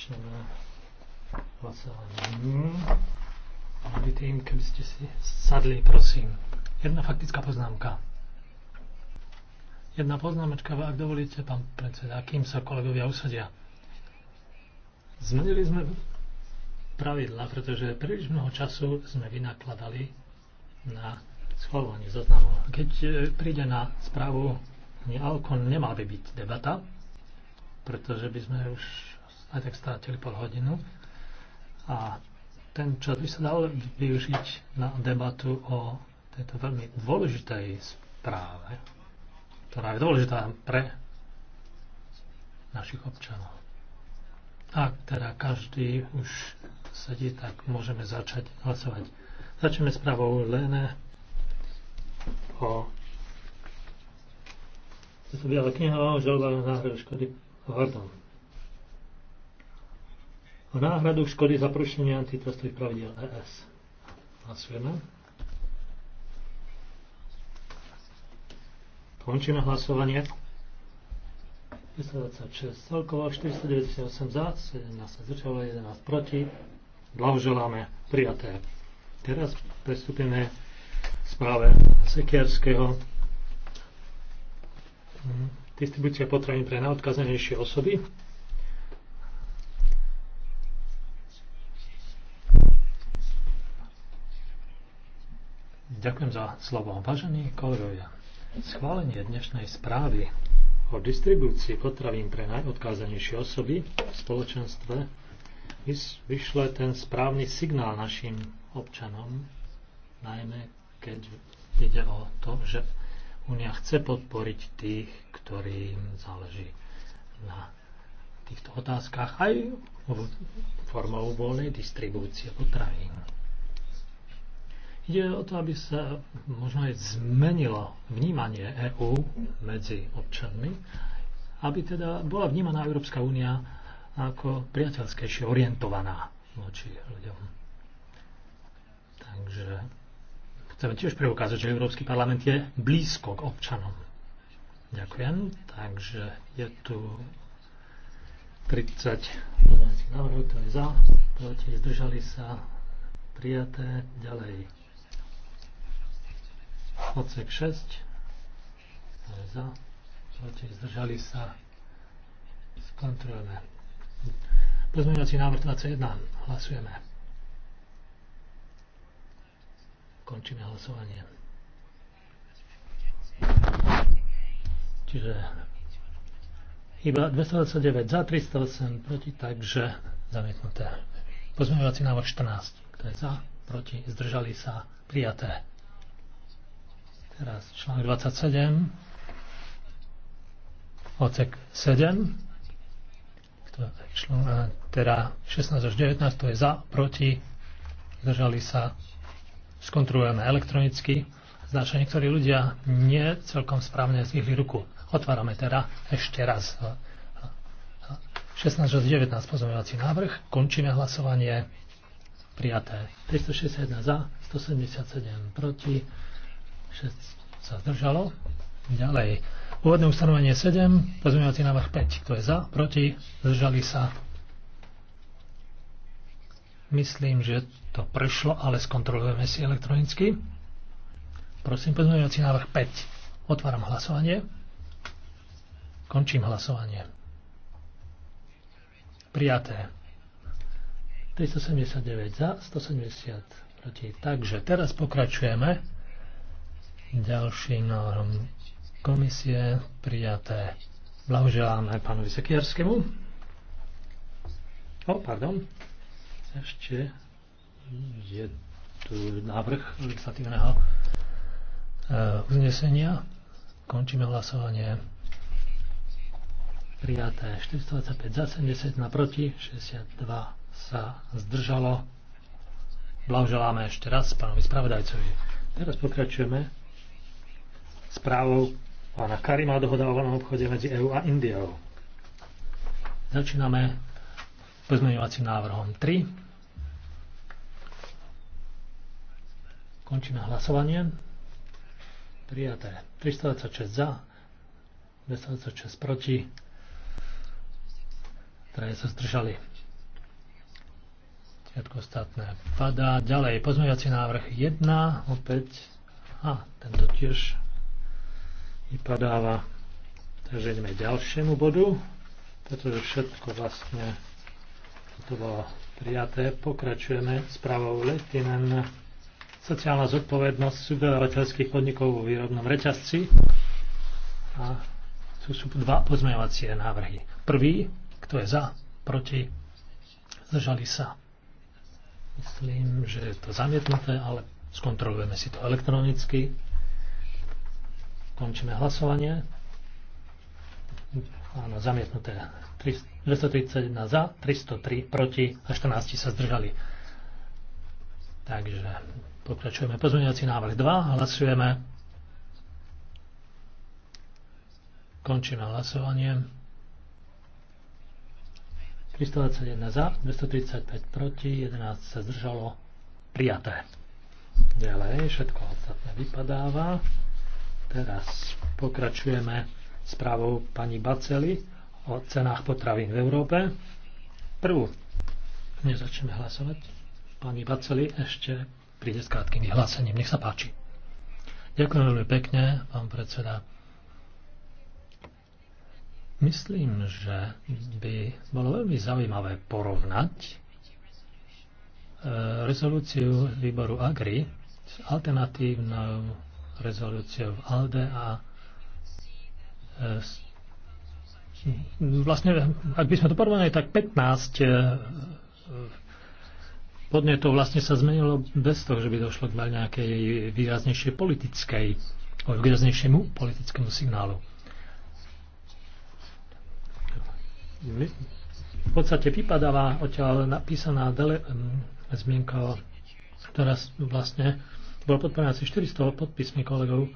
začneme hlasovaním. Mali tým, keby ste si sadli, prosím. Jedna faktická poznámka. Jedna poznámečka, ak dovolíte, pán predseda, kým sa kolegovia usadia. Zmenili sme pravidla, pretože príliš mnoho času sme vynakladali na schvalovanie zoznamov. Keď e, príde na správu Alkon nemá by byť debata, pretože by sme už aj tak strátili pol hodinu. A ten čas by sa dal využiť na debatu o tejto veľmi dôležitej správe, ktorá je dôležitá pre našich občanov. Ak teda každý už sedí, tak môžeme začať hlasovať. Začneme správou Lene o je to biela kniha o žalobách náhrade škody. Pardon. V náhradu škody za porušenie antitrustových pravidel ES. Hlasujeme. Končíme hlasovanie. 526 celkovo, 498 za, 17 zdržalo, 11 proti. Blahoželáme prijaté. Teraz prestúpime správe Sekierského. Distribúcia potravín pre najodkazenejšie osoby. Ďakujem za slovo. Vážení kolegovia, schválenie dnešnej správy o distribúcii potravín pre najodkázanejšie osoby v spoločenstve vyšle ten správny signál našim občanom, najmä keď ide o to, že Únia chce podporiť tých, ktorým záleží na týchto otázkach aj formou voľnej distribúcie potravín. Ide o to, aby sa možno aj zmenilo vnímanie EÚ medzi občanmi, aby teda bola vnímaná Európska únia ako priateľskejšie orientovaná voči ľuďom. Takže chceme tiež preukázať, že Európsky parlament je blízko k občanom. Ďakujem. Takže je tu 30 návrhov, to je za, proti, zdržali sa, prijaté, ďalej Odsek 6. To je za. Proti. Zdržali sa. Skontrolujeme. Pozmeňovací návrh 21. Hlasujeme. Končíme hlasovanie. Čiže iba 229 za, 308 proti, takže zamietnuté. Pozmeňovací návrh 14. Kto je za, proti, zdržali sa, prijaté. Teraz článok 27, odsek 7, teda 16 až 19, to je za, proti, zdržali sa, skontrolujeme elektronicky. Zdá sa, niektorí ľudia nie celkom správne zvihli ruku. Otvárame teda ešte raz. 16 až 19 pozorňovací návrh. Končíme hlasovanie. Prijaté. 361 za, 177 proti. 6 sa zdržalo. Ďalej. Úvodné ustanovenie 7, pozmeňovací návrh 5. Kto je za? Proti? Zdržali sa? Myslím, že to prešlo, ale skontrolujeme si elektronicky. Prosím, pozmeňovací návrh 5. Otváram hlasovanie. Končím hlasovanie. Prijaté. 379 za, 170 proti. Takže teraz pokračujeme. Ďalší norm komisie prijaté. Blahoželáme pánu vysokiarskému. O, pardon. Ešte je tu návrh legislatívneho e, uznesenia. Končíme hlasovanie. Prijaté 425 za 70 naproti, 62 sa zdržalo. Blahoželáme ešte raz pánovi spravodajcovi. Teraz pokračujeme správou pána Karima dohoda o voľnom obchode medzi EÚ a Indiou. Začíname pozmeňovacím návrhom 3. Končíme hlasovanie. Prijaté 326 za, 226 proti, ktoré sa zdržali. Všetko ostatné padá. Ďalej, pozmeňovací návrh 1, opäť, a tento tiež vypadáva. Takže ideme ďalšiemu bodu, pretože všetko vlastne toto bolo prijaté. Pokračujeme s pravou Letinen. Sociálna zodpovednosť subdodávateľských podnikov vo výrobnom reťazci. A tu sú dva pozmeňovacie návrhy. Prvý, kto je za, proti, zdržali sa. Myslím, že je to zamietnuté, ale skontrolujeme si to elektronicky. Končíme hlasovanie. Áno, zamietnuté. 231 za, 303 proti a 14 sa zdržali. Takže pokračujeme. Pozmeňovací návrh 2. Hlasujeme. Končíme hlasovanie. 321 za, 235 proti, 11 sa zdržalo. Prijaté. Ďalej, všetko ostatné vypadáva. Teraz pokračujeme správou pani Baceli o cenách potravín v Európe. Prvú, než začneme hlasovať, pani Baceli ešte príde s krátkým vyhlásením. Nech sa páči. Ďakujem veľmi pekne, pán predseda. Myslím, že by bolo veľmi zaujímavé porovnať e, rezolúciu výboru AGRI s alternatívnou rezolúcie v ALDE a e, vlastne, ak by sme to porovnali, tak 15 e, podnetov vlastne sa zmenilo bez toho, že by došlo k nejakej výraznejšej politickej, výraznejšiemu politickému signálu. V podstate vypadáva odtiaľ napísaná dele, zmienka, ktorá vlastne bol bolo podporené asi 400 podpismi kolegov,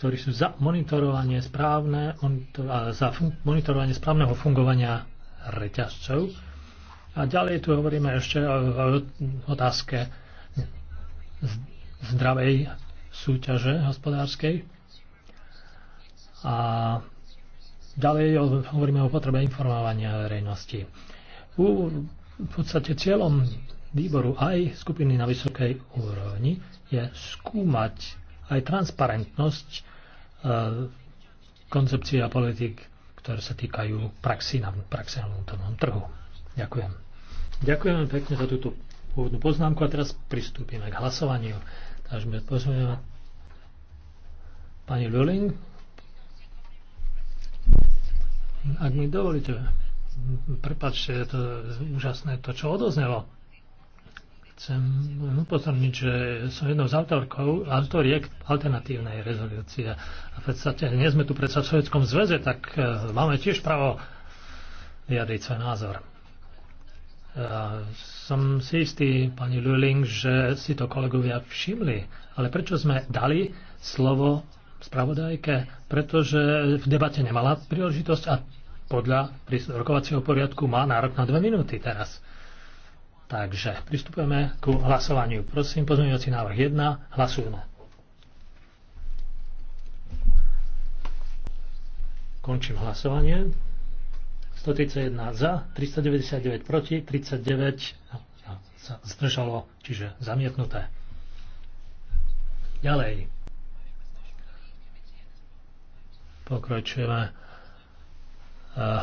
ktorí sú za monitorovanie, správne, monitor, za fun- monitorovanie správneho fungovania reťazcov. A ďalej tu hovoríme ešte o otázke zdravej súťaže hospodárskej. A ďalej hovoríme o potrebe informovania verejnosti. U, v podstate cieľom výboru aj skupiny na vysokej úrovni je skúmať aj transparentnosť e, koncepcie koncepcií a politik, ktoré sa týkajú praxi na, praxi na vnútornom trhu. Ďakujem. Ďakujem pekne za túto úvodnú poznámku a teraz pristúpime k hlasovaniu. Takže my pozrieme pani Luling. Ak mi dovolíte, prepáčte, je to úžasné to, čo odoznelo. Chcem upozorniť, že som jednou z autorkov, autoriek alternatívnej rezolúcie. A v podstate nie sme tu predsa v Sovjetskom zväze, tak e, máme tiež právo vyjadriť svoj názor. Ja e, som si istý, pani Luling, že si to kolegovia všimli. Ale prečo sme dali slovo spravodajke? Pretože v debate nemala príležitosť a podľa rokovacieho poriadku má nárok na dve minúty teraz. Takže pristupujeme k hlasovaniu. Prosím, pozmeňujúci návrh 1, hlasujeme. Končím hlasovanie. 131 za, 399 proti, 39 sa zdržalo, čiže zamietnuté. Ďalej. Pokračujeme eh,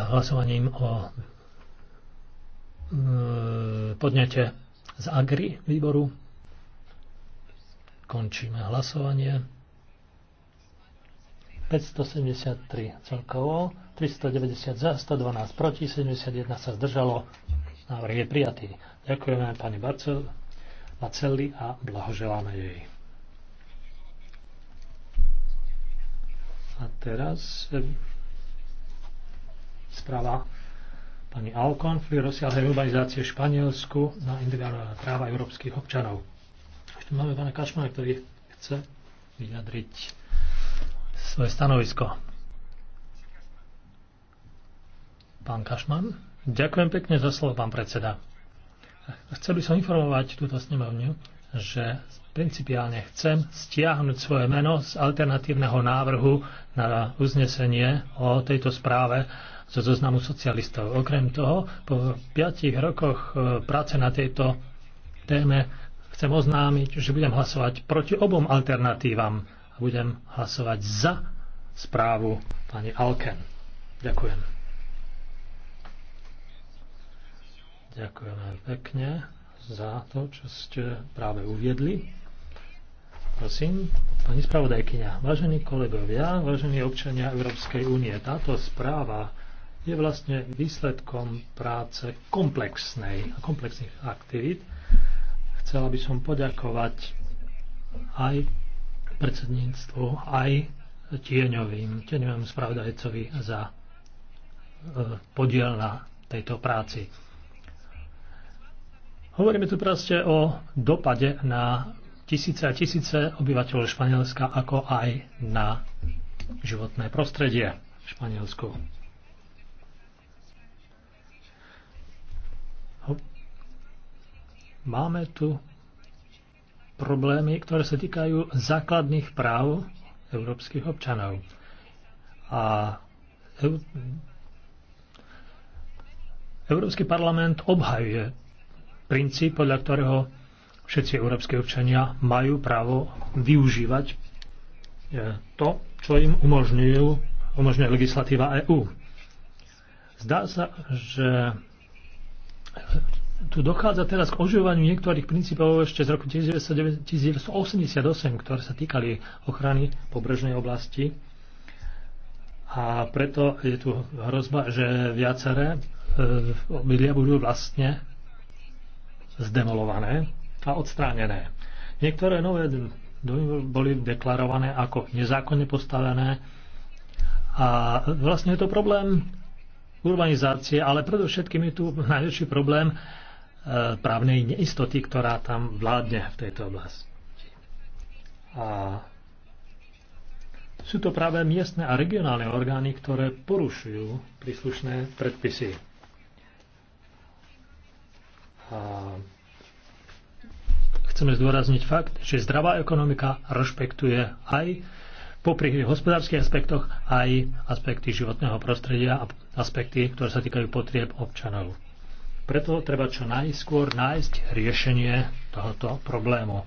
hlasovaním o E, podnete z Agri výboru. Končíme hlasovanie. 573 celkovo, 390 za, 112 proti, 71 sa zdržalo. Návrh je prijatý. Ďakujeme pani Barcel, Baceli a blahoželáme jej. A teraz e, správa pani Alcon, pri rozsiahlej urbanizácie v Španielsku na individuálne práva európskych občanov. Ešte máme pána Kašmana, ktorý chce vyjadriť svoje stanovisko. Pán Kašman, ďakujem pekne za slovo, pán predseda. Chcel by som informovať túto snemovňu, že principiálne chcem stiahnuť svoje meno z alternatívneho návrhu na uznesenie o tejto správe zo zoznamu socialistov. Okrem toho, po piatich rokoch e, práce na tejto téme chcem oznámiť, že budem hlasovať proti obom alternatívam a budem hlasovať za správu pani Alken. Ďakujem. Ďakujem pekne za to, čo ste práve uviedli. Prosím, pani spravodajkyňa, vážení kolegovia, vážení občania Európskej únie, táto správa je vlastne výsledkom práce komplexnej a komplexných aktivít. Chcela by som poďakovať aj predsedníctvu, aj tieňovým, tieňovým spravodajcovi za e, podiel na tejto práci. Hovoríme tu proste o dopade na tisíce a tisíce obyvateľov Španielska, ako aj na životné prostredie v Španielsku. Máme tu problémy, ktoré sa týkajú základných práv európskych občanov. A Európsky parlament obhajuje princíp, podľa ktorého všetci európske občania majú právo využívať e, to, čo im umožňujú, umožňuje legislatíva EÚ. Zdá sa, že tu dochádza teraz k oživovaniu niektorých princípov ešte z roku 1988, ktoré sa týkali ochrany pobrežnej oblasti. A preto je tu hrozba, že viaceré e, obydlia budú vlastne zdemolované a odstránené. Niektoré nové domy boli deklarované ako nezákonne postavené a vlastne je to problém urbanizácie, ale predovšetkým je tu najväčší problém E, právnej neistoty, ktorá tam vládne v tejto oblasti. A sú to práve miestne a regionálne orgány, ktoré porušujú príslušné predpisy. A chceme zdôrazniť fakt, že zdravá ekonomika rešpektuje aj popri hospodárskych aspektoch aj aspekty životného prostredia a aspekty, ktoré sa týkajú potrieb občanov. Preto treba čo najskôr nájsť riešenie tohoto problému.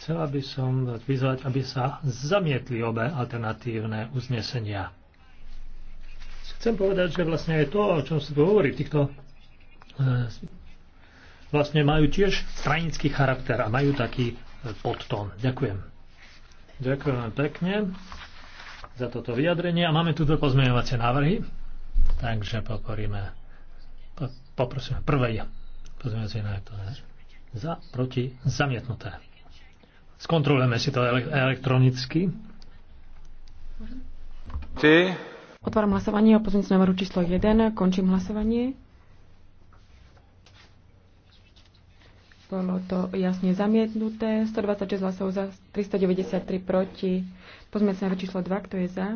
Chcela by som vyzvať, aby sa zamietli obe alternatívne uznesenia. Chcem povedať, že vlastne aj to, o čom sa tu hovorí týchto e, vlastne majú tiež stranický charakter a majú taký e, podtón. Ďakujem. Ďakujem pekne za toto vyjadrenie a máme tu pozmeňovacie návrhy, takže podporíme Poprosím, si na to. Za, proti, zamietnuté. Skontrolujeme si to elektronicky. Ty. Otváram hlasovanie o pozornosť návrhu číslo 1. Končím hlasovanie. Bolo to jasne zamietnuté. 126 hlasov za, 393 proti. Pozmeňujúci návrh číslo 2. Kto je za?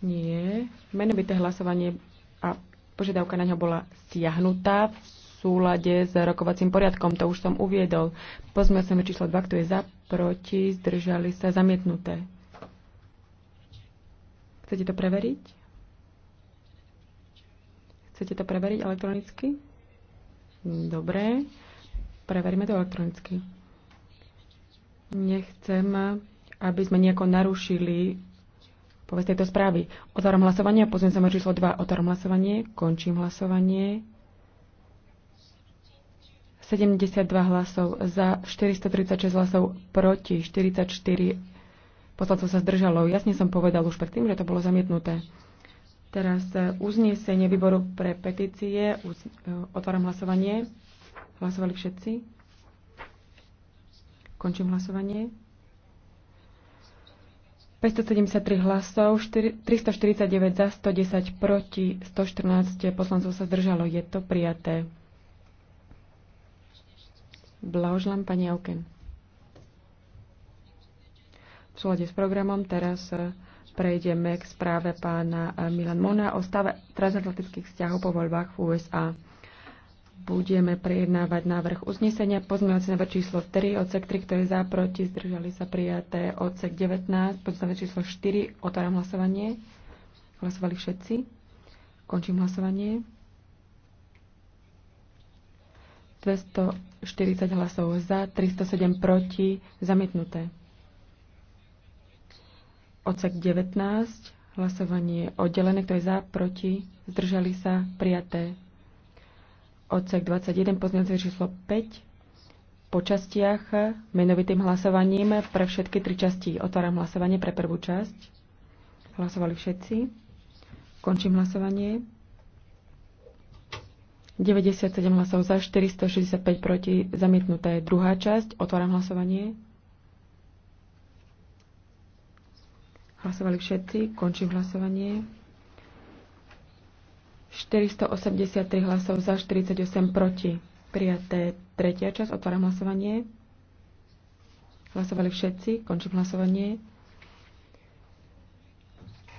Nie. Menovité hlasovanie a požiadavka na ňo bola stiahnutá v súlade s rokovacím poriadkom. To už som uviedol. Pozmeňujúceme číslo 2, kto je za, proti, zdržali sa, zamietnuté. Chcete to preveriť? Chcete to preveriť elektronicky? Dobre. Preveríme to elektronicky. Nechcem, aby sme nejako narušili povedz tejto správy. Otváram hlasovanie, pozviem sa číslo 2. Otváram hlasovanie, končím hlasovanie. 72 hlasov za, 436 hlasov proti, 44 poslancov sa zdržalo. Jasne som povedal už predtým, že to bolo zamietnuté. Teraz eh, uznesenie výboru pre petície. Eh, otváram hlasovanie. Hlasovali všetci. Končím hlasovanie. 573 hlasov, 4, 349 za, 110 proti, 114 poslancov sa zdržalo. Je to prijaté. Blahožlám, pani Auken. V súlade s programom teraz eh, prejdeme k správe pána eh, Milan Mona o stave transatlantických vzťahov po voľbách v USA budeme prejednávať návrh uznesenia. Pozmeňovací návrh číslo 3, odsek 3, ktorý je za, proti, zdržali sa prijaté, odsek 19, pozmeňovací číslo 4, otváram hlasovanie. Hlasovali všetci. Končím hlasovanie. 240 hlasov za, 307 proti, zamietnuté. Odsek 19, hlasovanie oddelené, kto je za, proti, zdržali sa, prijaté odsek 21, pozmeňujúce číslo 5, po častiach, menovitým hlasovaním pre všetky tri časti. Otváram hlasovanie pre prvú časť. Hlasovali všetci. Končím hlasovanie. 97 hlasov za, 465 proti, zamietnuté. Druhá časť, otváram hlasovanie. Hlasovali všetci, končím hlasovanie. 483 hlasov za, 48 proti. Prijaté tretia časť. Otváram hlasovanie. Hlasovali všetci. Končím hlasovanie.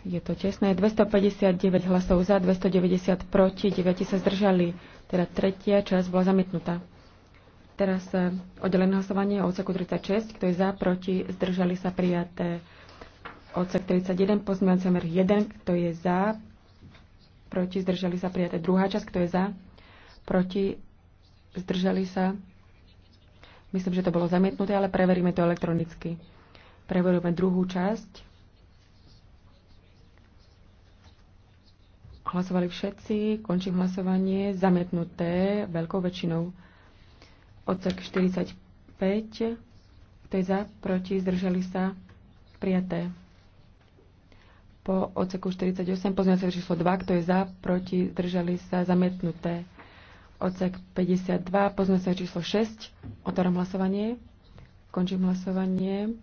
Je to tesné. 259 hlasov za, 290 proti, 9 sa zdržali. Teda tretia časť bola zamietnutá. Teraz e, oddelené hlasovanie o odseku 36. Kto je za, proti, zdržali sa prijaté odsek 31, pozmeňovací 1, kto je za, proti, zdržali sa prijaté. Druhá časť, kto je za, proti, zdržali sa. Myslím, že to bolo zamietnuté, ale preveríme to elektronicky. Preverujeme druhú časť. Hlasovali všetci, končím hlasovanie, zamietnuté veľkou väčšinou. Odsek 45, kto je za, proti, zdržali sa, prijaté po odseku 48 pozmeňovacie číslo 2, kto je za, proti, držali sa, zamietnuté. Odsek 52, pozmeňovacie číslo 6, otváram hlasovanie, končím hlasovanie.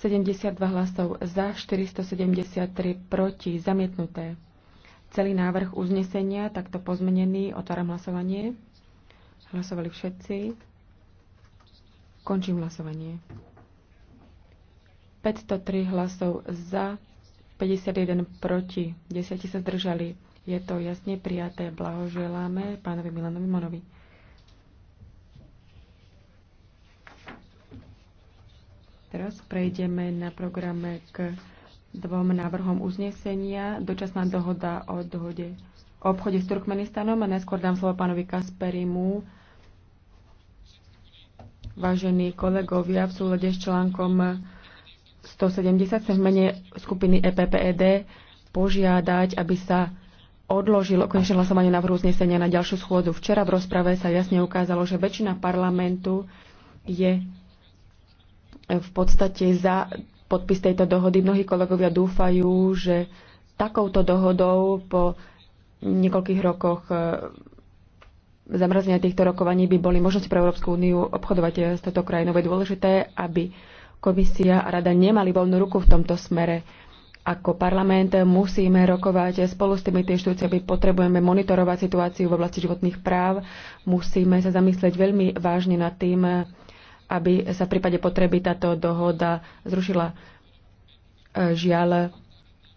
72 hlasov za, 473 proti, zamietnuté. Celý návrh uznesenia, takto pozmenený, otváram hlasovanie. Hlasovali všetci. Končím hlasovanie. 503 hlasov za, 51 proti, 10 sa zdržali. Je to jasne prijaté. Blahoželáme pánovi Milanovi Monovi. Teraz prejdeme na programe k dvom návrhom uznesenia. Dočasná dohoda o dohode o obchode s Turkmenistanom a neskôr dám slovo pánovi Kasperimu. Vážení kolegovia, v súlade s článkom 170 sa v mene skupiny EPPED požiadať, aby sa odložilo konečné hlasovanie návrhu znesenia na ďalšiu schôdzu. Včera v rozprave sa jasne ukázalo, že väčšina parlamentu je v podstate za podpis tejto dohody. Mnohí kolegovia dúfajú, že takouto dohodou po niekoľkých rokoch e, zamrazenia týchto rokovaní by boli možnosti pre Európsku úniu obchodovať e, s touto krajinou. Je dôležité, aby Komisia a rada nemali voľnú ruku v tomto smere. Ako parlament musíme rokovať spolu s tými inštitúciami, potrebujeme monitorovať situáciu v oblasti životných práv, musíme sa zamyslieť veľmi vážne nad tým, aby sa v prípade potreby táto dohoda zrušila. Žiaľ,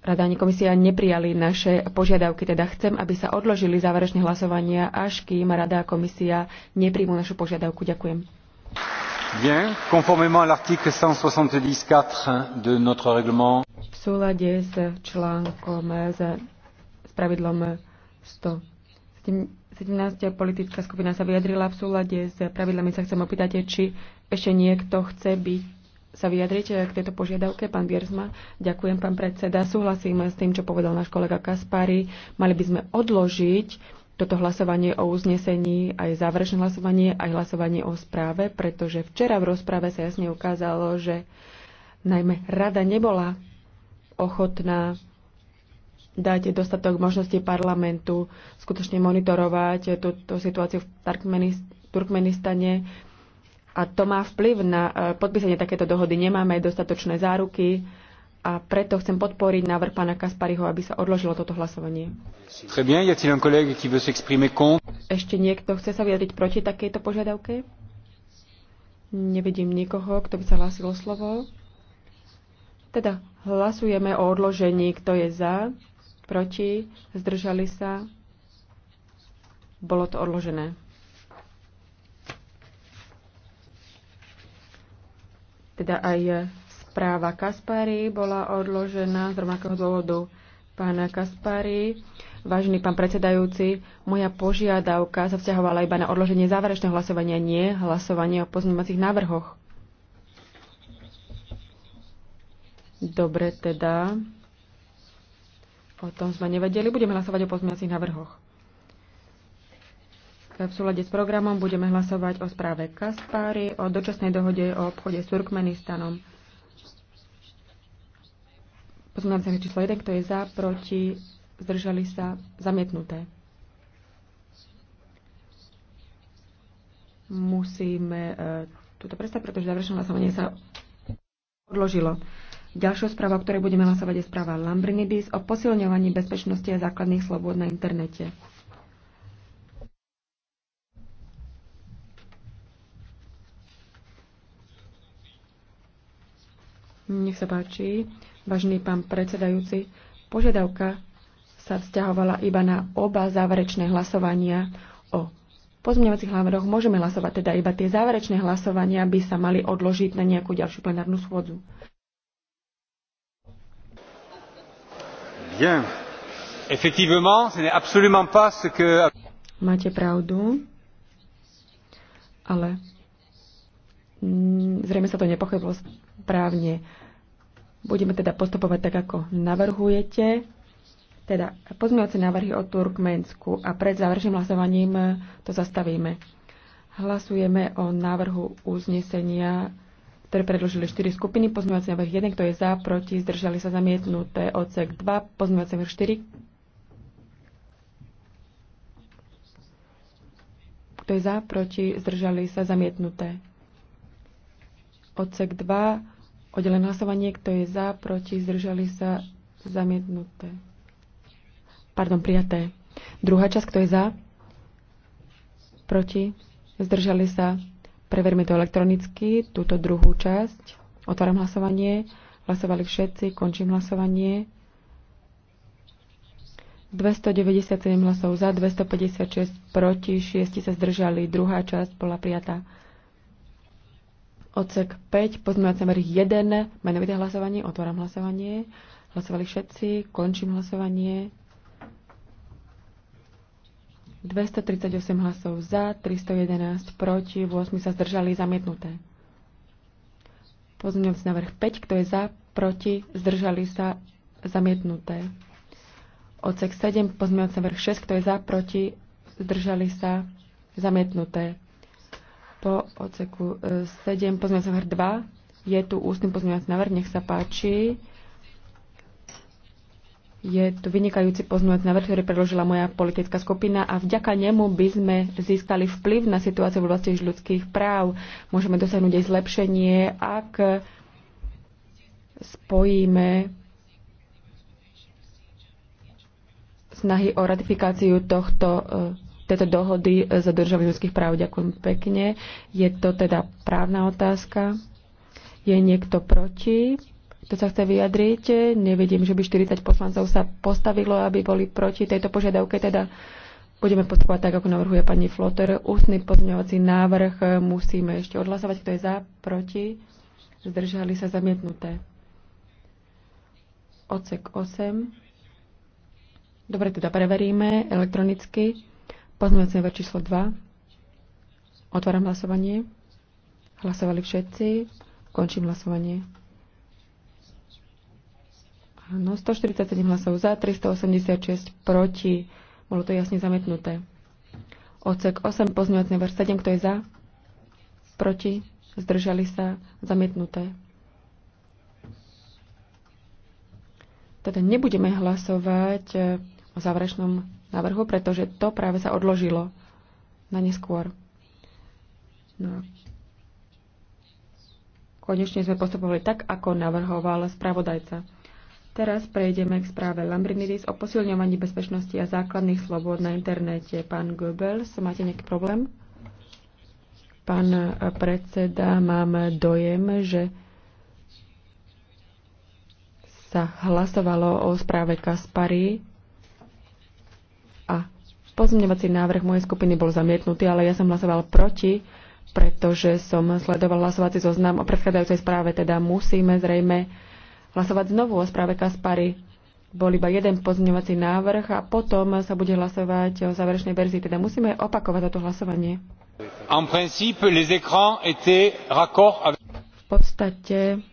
Rada ani komisia neprijali naše požiadavky, teda chcem, aby sa odložili záverečné hlasovania, až kým Rada a komisia nepríjmu našu požiadavku. Ďakujem conformément à l'article de notre règlement. V súlade s článkom s, s pravidlom 117 politická skupina sa vyjadrila v súlade s pravidlami. Sa chcem opýtať, či ešte niekto chce byť sa vyjadriť k tejto požiadavke, pán Viersma, Ďakujem, pán predseda. Súhlasím s tým, čo povedal náš kolega Kaspari. Mali by sme odložiť toto hlasovanie o uznesení, aj záverečné hlasovanie, aj hlasovanie o správe, pretože včera v rozprave sa jasne ukázalo, že najmä rada nebola ochotná dať dostatok možnosti parlamentu skutočne monitorovať túto situáciu v Turkmenistane. A to má vplyv na eh, podpísanie takéto dohody. Nemáme dostatočné záruky, a preto chcem podporiť návrh pána Kaspariho, aby sa odložilo toto hlasovanie. Ešte niekto chce sa vyjadriť proti takejto požiadavke? Nevidím nikoho, kto by sa hlásil slovo. Teda hlasujeme o odložení, kto je za, proti, zdržali sa. Bolo to odložené. Teda aj Správa Kaspari bola odložená z rovnakého dôvodu. pána Kaspari, vážený pán predsedajúci, moja požiadavka sa vzťahovala iba na odloženie záverečného hlasovania, nie hlasovanie o pozmeňovacích návrhoch. Dobre, teda. O tom sme nevedeli. Budeme hlasovať o pozmeňovacích návrhoch. V súlade s programom budeme hlasovať o správe Kaspári, o dočasnej dohode o obchode s Turkmenistanom. Pozmeňovací číslo 1, kto je za, proti, zdržali sa, zamietnuté. Musíme e, túto prestať, pretože završené hlasovanie sa odložilo. Ďalšou správou, o ktorej budeme hlasovať, je správa Lambrinidis o posilňovaní bezpečnosti a základných slobôd na internete. Nech sa páči. Vážený pán predsedajúci, požiadavka sa vzťahovala iba na oba záverečné hlasovania o pozmeňovacích návrhoch. Môžeme hlasovať teda iba tie záverečné hlasovania by sa mali odložiť na nejakú ďalšiu plenárnu schôdzu. Bien. Effectivement, ce n'est absolument pas ce que... Máte pravdu, ale mm, zrejme sa to nepochopilo správne Budeme teda postupovať tak, ako navrhujete. Teda pozmeňovacie návrhy o Turkmensku a pred záverším hlasovaním to zastavíme. Hlasujeme o návrhu uznesenia, ktoré predložili 4 skupiny. Pozmeňovací návrh 1, kto je za, proti, zdržali sa zamietnuté. ocek 2, pozmeňovací návrh 4. Kto je za, proti, zdržali sa zamietnuté. Ocek 2, Oddelené hlasovanie, kto je za, proti, zdržali sa, zamietnuté. Pardon, prijaté. Druhá časť, kto je za, proti, zdržali sa. Preverme to elektronicky, túto druhú časť. Otváram hlasovanie. Hlasovali všetci, končím hlasovanie. 297 hlasov za, 256 proti, 6 sa zdržali. Druhá časť bola prijatá. Odsek 5, pozmeňovací návrh 1, menovité hlasovanie, otváram hlasovanie. Hlasovali všetci, končím hlasovanie. 238 hlasov za, 311 proti, 8 sa zdržali zamietnuté. Pozmeňovací návrh 5, kto je za, proti, zdržali sa zamietnuté. Odsek 7, pozmeňovací návrh 6, kto je za, proti, zdržali sa zamietnuté. Po odseku 7 e, pozmeňovací návrh 2 je tu ústny pozmeňovací návrh, nech sa páči. Je tu vynikajúci pozmeňovací návrh, ktorý predložila moja politická skupina a vďaka nemu by sme získali vplyv na situáciu v oblasti ľudských práv. Môžeme dosiahnuť aj zlepšenie, ak spojíme snahy o ratifikáciu tohto e, tejto dohody za državy ľudských práv. Ďakujem pekne. Je to teda právna otázka. Je niekto proti? To sa chce vyjadriť? Nevidím, že by 40 poslancov sa postavilo, aby boli proti tejto požiadavke. Teda budeme postupovať tak, ako navrhuje pani Flotter. Ústny pozňovací návrh musíme ešte odhlasovať. Kto je za, proti? Zdržali sa zamietnuté. Ocek 8. Dobre, teda preveríme elektronicky. Pozmeňujúci ver číslo 2. Otváram hlasovanie. Hlasovali všetci. Končím hlasovanie. Áno, 147 hlasov za, 386 proti. Bolo to jasne zametnuté. Ocek 8, pozmeňovací návrh 7, kto je za? Proti? Zdržali sa? Zamietnuté. Teda nebudeme hlasovať o záverečnom návrhu, pretože to práve sa odložilo na neskôr. No. Konečne sme postupovali tak, ako navrhoval spravodajca. Teraz prejdeme k správe Lambrinidis o posilňovaní bezpečnosti a základných slobod na internete. Pán Goebbels, máte nejaký problém? Pán predseda, mám dojem, že sa hlasovalo o správe Kaspary Pozmeňovací návrh mojej skupiny bol zamietnutý, ale ja som hlasoval proti, pretože som sledoval hlasovací zoznam o predchádzajúcej správe, teda musíme zrejme hlasovať znovu o správe Kaspary. Bol iba jeden pozmeňovací návrh a potom sa bude hlasovať o záverečnej verzii, teda musíme opakovať toto hlasovanie. V podstate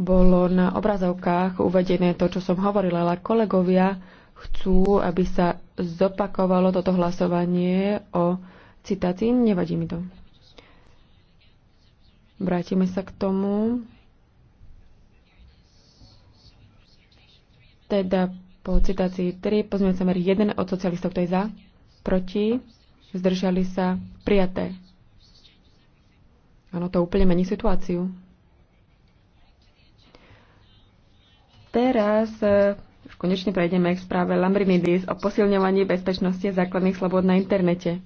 bolo na obrazovkách uvedené to, čo som hovorila, ale kolegovia chcú, aby sa zopakovalo toto hlasovanie o citácii. Nevadí mi to. Vrátime sa k tomu. Teda po citácii 3, pozmeňujúci samer 1 od socialistov, kto je za, proti, zdržali sa, prijaté. Áno, to úplne mení situáciu. Teraz eh, už konečne prejdeme k správe Lambrinidis o posilňovaní bezpečnosti základných slobod na internete.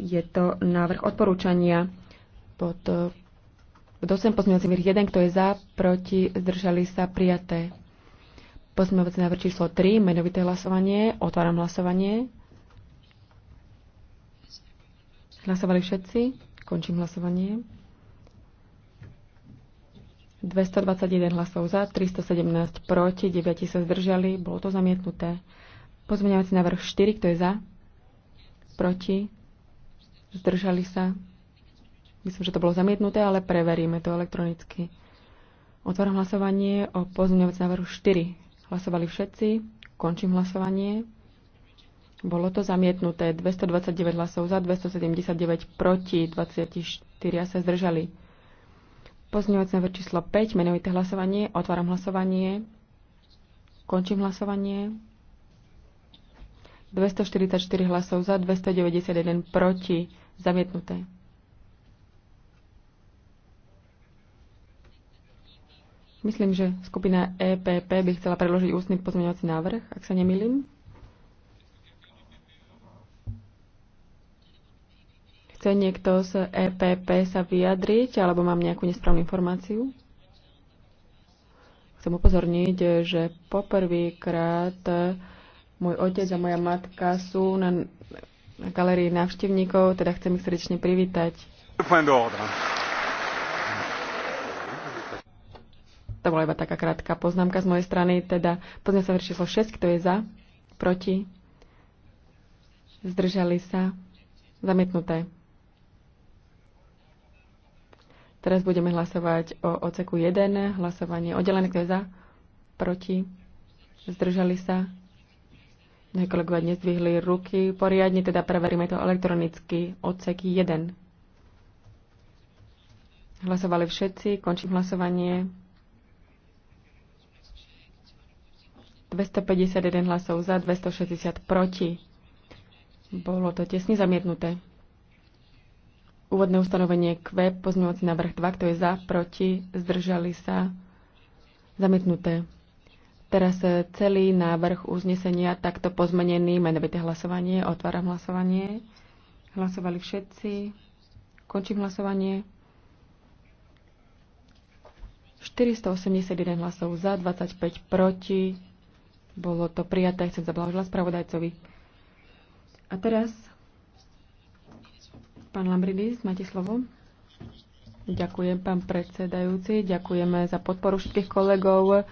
Je to návrh odporúčania pod dosem 8 pozmeňovací návrh 1, kto je za, proti, zdržali sa, prijaté. Pozmeňovací návrh číslo 3, menovité hlasovanie, otváram hlasovanie. Hlasovali všetci, končím hlasovanie. 221 hlasov za, 317 proti, 9 sa zdržali, bolo to zamietnuté. Pozmeňovací návrh 4, kto je za? Proti? Zdržali sa? Myslím, že to bolo zamietnuté, ale preveríme to elektronicky. Otváram hlasovanie o pozmeňovací návrhu 4. Hlasovali všetci. Končím hlasovanie. Bolo to zamietnuté. 229 hlasov za, 279 proti, 24 sa zdržali. Pozňovací návrh číslo 5, menovité hlasovanie. Otváram hlasovanie. Končím hlasovanie. 244 hlasov za, 291 proti. Zamietnuté. Myslím, že skupina EPP by chcela predložiť ústny pozmeňovací návrh, ak sa nemýlim. Chce niekto z EPP sa vyjadriť, alebo mám nejakú nesprávnu informáciu? Chcem upozorniť, že poprvýkrát môj otec a moja matka sú na, na galerii návštevníkov, teda chcem ich srdečne privítať. To bola iba taká krátka poznámka z mojej strany, teda pozne sa číslo 6, kto je za, proti, zdržali sa, zamietnuté. Teraz budeme hlasovať o oceku 1, hlasovanie oddelené, kto je za, proti, zdržali sa. Moje kolegovia nezdvihli ruky poriadne, teda preveríme to elektronicky. Odsek 1. Hlasovali všetci, končím hlasovanie. 251 hlasov za, 260 proti. Bolo to tesne zamietnuté. Úvodné ustanovenie Q, pozmeňovací návrh 2, kto je za, proti, zdržali sa, zamietnuté. Teraz e, celý návrh uznesenia takto pozmenený, menovité hlasovanie, otváram hlasovanie. Hlasovali všetci. Končím hlasovanie. 481 hlasov za, 25 proti. Bolo to prijaté, chcem zablahožila spravodajcovi. A teraz Pán Lambridis, máte slovo. Ďakujem, pán predsedajúci. Ďakujeme za podporu všetkých kolegov.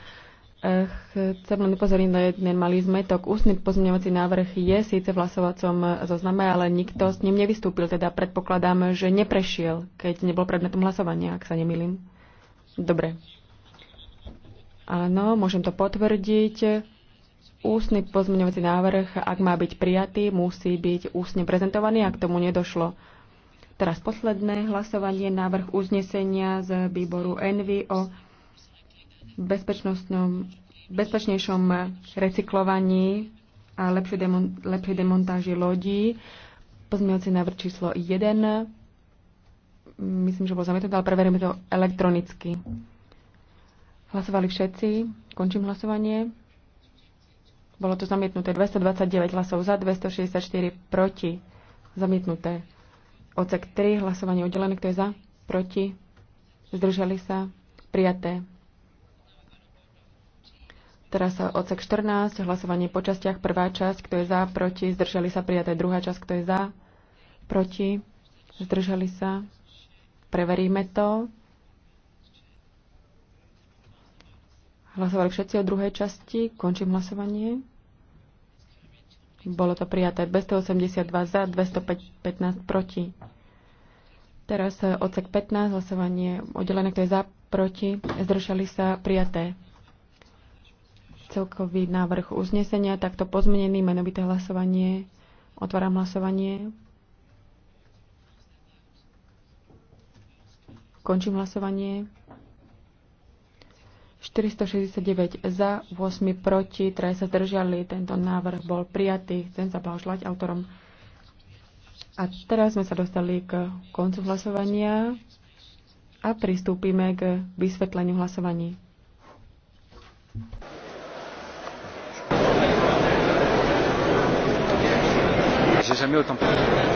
Eh, chcem len upozorniť na jeden malý zmetok. Ústny pozmeňovací návrh je síce v hlasovacom zozname, ale nikto s ním nevystúpil. Teda predpokladám, že neprešiel, keď nebol predmetom hlasovania, ak sa nemýlim. Dobre. Áno, môžem to potvrdiť. Ústny pozmeňovací návrh, ak má byť prijatý, musí byť ústne prezentovaný, ak tomu nedošlo. Teraz posledné hlasovanie, návrh uznesenia z výboru ENVY o bezpečnostnom, bezpečnejšom recyklovaní a lepšej, demon, lepšej demontáži lodí. Pozmielci návrh číslo 1. Myslím, že bol zamietnutý, ale preverujeme to elektronicky. Hlasovali všetci. Končím hlasovanie. Bolo to zamietnuté 229 hlasov za, 264 proti. Zamietnuté. Odsek 3, hlasovanie oddelené, kto je za, proti, zdržali sa, prijaté. Teraz odsek 14, hlasovanie po častiach, prvá časť, kto je za, proti, zdržali sa, prijaté, druhá časť, kto je za, proti, zdržali sa, preveríme to. Hlasovali všetci o druhej časti, končím hlasovanie. Bolo to prijaté 282 za, 215 proti. Teraz eh, odsek 15, hlasovanie oddelené, kto je za, proti, zdržali sa, prijaté. Celkový návrh uznesenia, takto pozmenený, menovité hlasovanie. Otváram hlasovanie. Končím hlasovanie. 469 za, 8 proti, 3 sa zdržali. Tento návrh bol prijatý. Chcem sa blahoželať autorom. A teraz sme sa dostali k koncu hlasovania a pristúpime k vysvetleniu hlasovaní. J'ai jamais autant